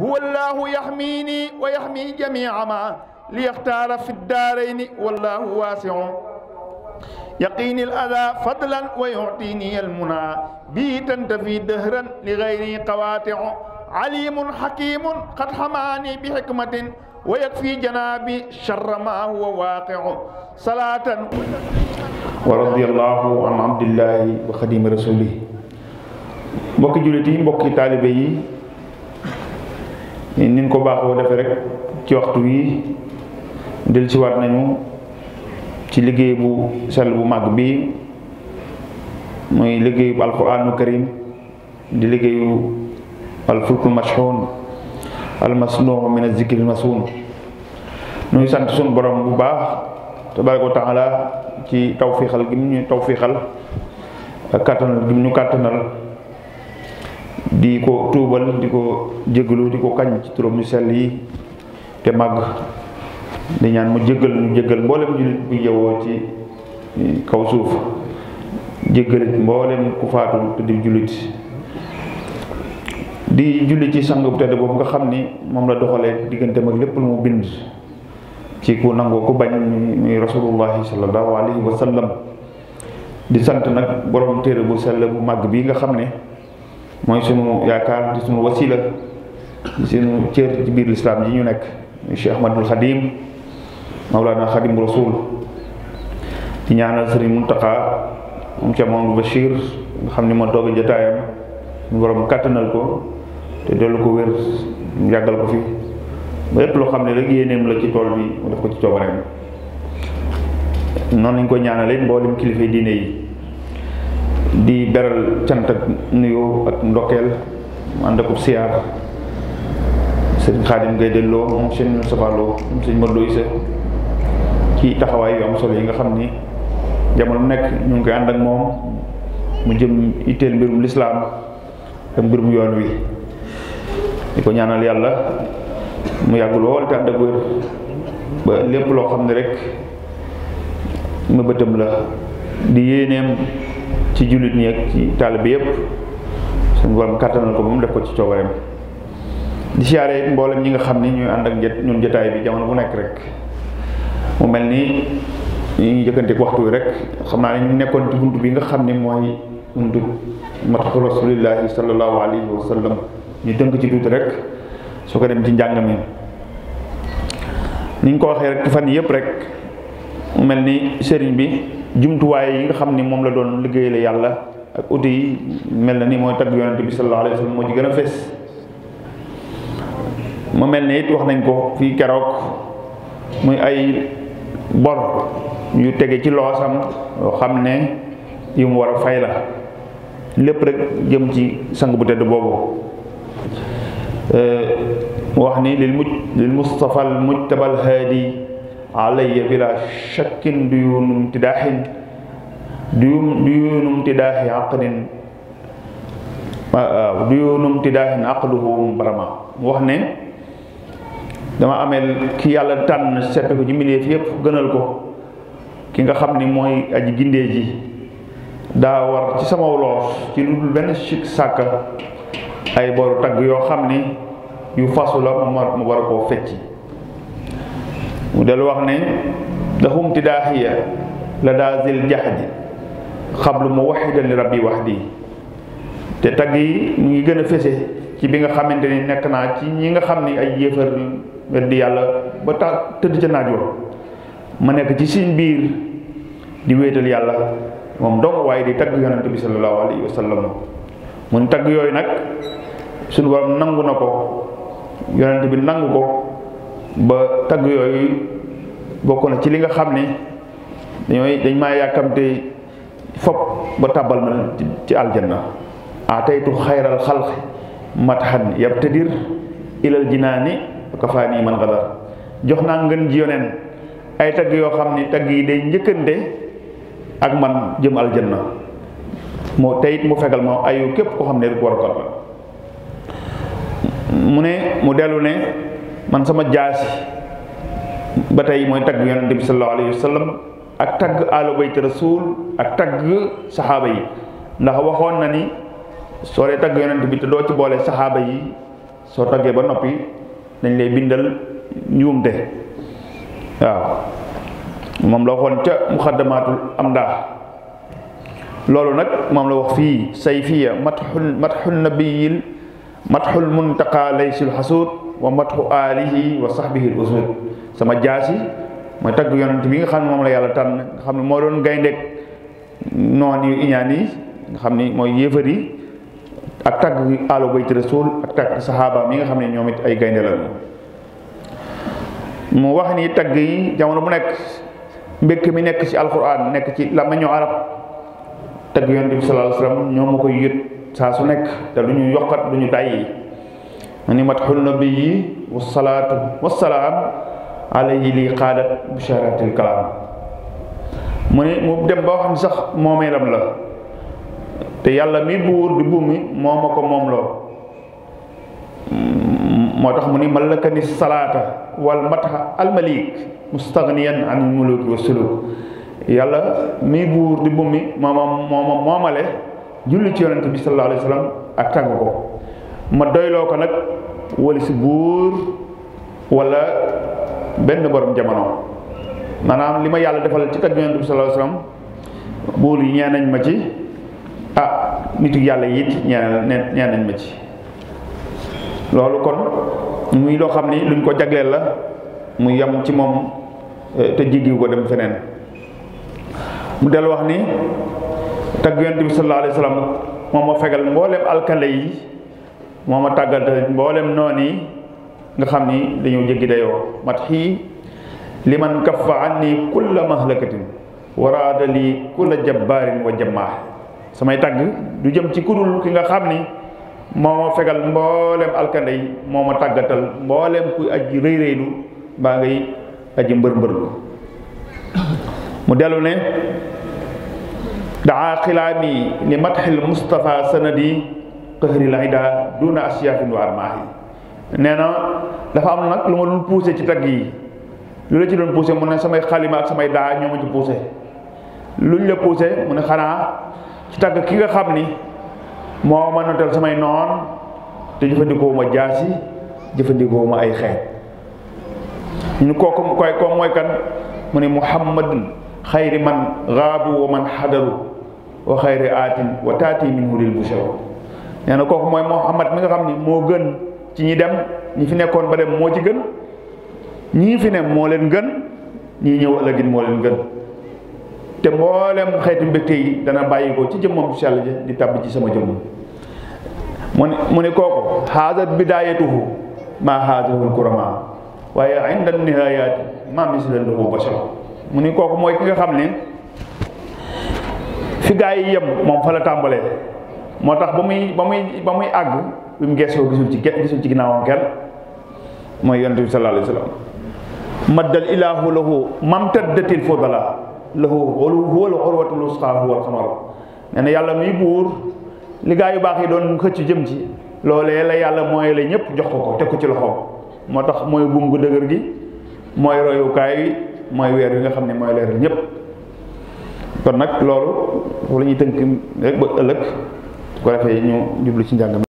هو الله يحميني ويحمي جميع ما ليختار في الدارين والله واسع يقيني الأذى فضلا ويعطيني المنى بيتا تفي دهرا لغيري قواتع عليم حكيم قد حماني بحكمة ويكفي جنابي شر ما هو واقع صلاة ورضي الله عن عبد الله وخديم رسوله بوكي jullit بوكي mbokki niñ ko baaxoo defee rek ci waxtu wi del si waat nañu ci liggéey bu sell bu màgg bi muy liggéey bu alquraanu karim di liggéeyu alfulkul mashhun almasnuu min azikril masuun nuy sant suñu borom bu baax tabaraka wa taala ci tawfiixal gi mu ñu tawfiixal ak kàttanal gi mu ñu kàttanal di ko tubal di ko jeglu di ko kañ ci turum ñu yi te mag di ñaan mu jégal ñu jégal mboolem julit bu yewoo ci kaw suuf jégalit mboolem ku faatu te di julit di julli ci sangu te tedd boobu nga xamni mom la doxale digganteem ak lepp lu mu bind ci ku nango ku bañ ni rasulullah sallallahu alaihi wasallam di sant nak borom téré bu sel bu mag bi nga xam mooy sunu yaakaar di sunu wasila di sunu cër ci biir lislaam ñu nekk Cheikh Ahmadul Xadim Mawlana Xadim Rasul di ñaanal Sëriñ Muntaqa moom ca moom Bachir nga xam ni moo toog jotaayam ñu borom kàttanal ko te dellu ko wér yàggal ko fi ba lépp loo xam ne rek yéeneem la ci tool bi mu def ko ci coobareem noonu lañ ko ñaanalee mboolem kilifa diine yi di beral cant ak nuyo ak ndokel and ak siar sëriñ khadim ngay delo moom sëriñ Moustapha Lo moom mo Modou Issa ci taxawaay yu am solo yi nga xamni ni jamono nek ñu ngi and ak mom mu jëm itel mbirum l'islam ak mbirum yoon wi diko ñaanal yalla mu yàgg lool ta and ak wër ba lepp lo xamni rek ma bëtam la di yéeneem ci julit ni ak ci talib yeb sun borom katanal ko mom def ko ci coobareem di siyaare mbolam ñi nga xamni ñuy and ak jet ñun jotaay bi jamono bu nek rek mu melni ni ñu ngi jëkkanteeg waxtu rek xamna ñu nekkon ci buntu bi nga xamni moy buntu mataxu rasulillahi sallallahu alaihi wasallam sallam ñu dënk ci tuuti rek su ko dem ci jangami mi ni ñu ko waxe rek fan yëpp rek mu mel ni sëriñ bi jumtuwaay yi nga xam ni moom la doon liggéeyale yàlla ak uti yi mel na ni mooy tagg yonente bi sallallahu alayhi wa moo ci gën a fees mu mel ne it wax nañ ko fii keroog muy ay bor yu tege ci loosam yoo xam ne yu mu war a fay la lépp rek jëm ci sang bu tedd boobu euh, wax ni lil muj lil mustapha al mujtaba haadi alayya bila shakkin duyunum tidahin duyum duyunum tidahi aqdin ah, duyunum tidahin aqluhu barama waxne dama amel ki yalla tan seppe ko jimine fi yep gënal ko ki nga xamni moy aji ginde ji da war ci sama wolof ci luddul ben shik saka ay boru tag yo xamni yu fasula mo war ko fecci mu del wax ne dahum tidaahiya la daazil jahdi xablu mu waxidan li rabbi wahdi te tag yi mu ngi gën a fese ci bi nga xamante ni nekk naa ci ñi nga xam ni ay yéefar weddi yàlla ba ta tëdd ca naaj wa ma nekk ci seen biir di wéetal yàlla moom dong waaye di tagg yonante kan bi sallallahu alayhi wa mun tagg yooyu nag suñu borom nangu na ko bi nangu ko ba tagg yooyu bokk na ci li nga xam ni dañooy dañ maa yàkkamte fop ba tàbbal ma ci aljanna ataytu xayral xalq mathan yabtadir ilal jinaani kafaani man gadar jox naa ngën ji yoneen ay tagg yoo xam ne tagg yi day njëkkante ak man jëm aljanna moo teyit mu fegal ma ayu képp ko xam ne rek war la mu ne mu dellu ne man sama jaasi ba tey mooy tagg yonente bi sallallahu alayhi wa sallam ak tagg aalu bayt rasul ak tagg saxaaba yi ndax waxoon na ni soo dee tagg yonent bi te doo ci boole saxaaba yi soo taggee ba noppi dañ lay bindal njuumte waaw moom la waxoon ca muxaddamaatul am ndaa loolu nag moom la wax fii sayfiya matxul matxul nabiyil matxul muntaqa laysul xasuut wa matxu alihi wa sahbihi al usul sama jasi mooy tag yonent bi nga xamne mom la yalla tan nga xam ne doon gaynde non yi iñani nga xam ni mooy yéefar yi ak tagg aalu bayt rasul ak tag sahaba mi nga xamne ñomit ay gaynde la mu wax ni tag yi jamono bu nek mbek mi nek ci alquran nek ci làmmiñu arab tag yonent bi sallallahu alayhi wasallam ñom ma koy sa su nek da luñu yokkat luñu ñu أني مدح النبي والصلاة والسلام عليه لي قالت بشارة الكلام من مبدأ بوحن سخ مومي لملا تيالا مي بور دي بومي موماكو موملا مدح مني ملكني الصلاة والمدح المليك مستغنيا عن الملوك والسلوك يالا مي بور دي بومي ماما ماما لي جولي تيونتي بي الله عليه وسلم اكتنغو ما دويلوكو نك wala si buur walla benn boroom jamono maanaam li ma yàlla defal ci kat yonent bi sallallahu alayhi wasallam buur yi ñee nañ ma ci ah nitu yàlla yi it ma ci loolu kon muy loo xam ni luñ ko jagleel la mu yem ci moom eh, te jéggiwu ko dem feneen mu del wax ni tagg yonent bi sallallahu alayhi wasallam moom moo fegal mbooleem alkale yi moma tagal mbollem noni nga xamni dañu jéggi dayo mathi liman kaffa anni kull mahlakatin warada li kull jabbarin wa jamaah samay tag du jëm ci kudul ki nga xamni moma fegal mbollem alkanday moma tagatal mbollem kuy aji reey reeylu ba ngay aji mbeur lu mu delu ne daa khilami li mathil mustafa sanadi qahri laida duna asyafin wa armahi neena dafa am nak lu ma doon pousser ci tag yi lu la ci doon pousser mu ne samay khalima ak samay daa ñoo ma ci pousser luñ la pousser mu ne xanaa ci tag ki nga xamni mo moo ma notal samay non te jëfëndiko ma jaasi jëfëndiko ma ay xéet ñu kooku koy ko moy kan mu ne muhammadun khayri man ghabu wa man hadaru wa khayri atin wa tati minhu lil bushara nee kooku mooy moo Muhammad mi nga xam ni moo gën ci ñi dem ñi fi nekkoon ba dem moo ci gën ñii fi ne moo leen gën ñii ñëw ëllëgin moo leen gën te mboolem xeetu mbégte yi dana bàyyi ci jëmmam si di tàbb ci sama jëmm mu ne mu ne kooku xaasat bidaayatuhu maa xaasahul kurama waaye inda nihayaati maa misla lahu bashar mu ni kooku mooy ki nga xam ne fi gaa yi yem moom fa la tàmbalee moo tax ba muy ba muy ba muy àgg bi mu geesoo gisul ci gisul ci ginnaawam kenn mooy yonent bi sallallahu alayhi wa sallam maddal ilaahu lahu mamtaddatil fudala lahu huwal urwatul wusqa huwal xamar nee na yàlla muy buur li gaa yu baax yi doon xëcc jëm ci loolee la yàlla mooy la ñëpp jox ko ko teg ko ci loxoom moo tax mooy buum gu dëgër gi mooy royukaay wi mooy weer wi nga xam ne mooy leeral ñëpp kon nag loolu la ñuy tënk rek ba ëllëg bu ko defee ñu jublu ci njàng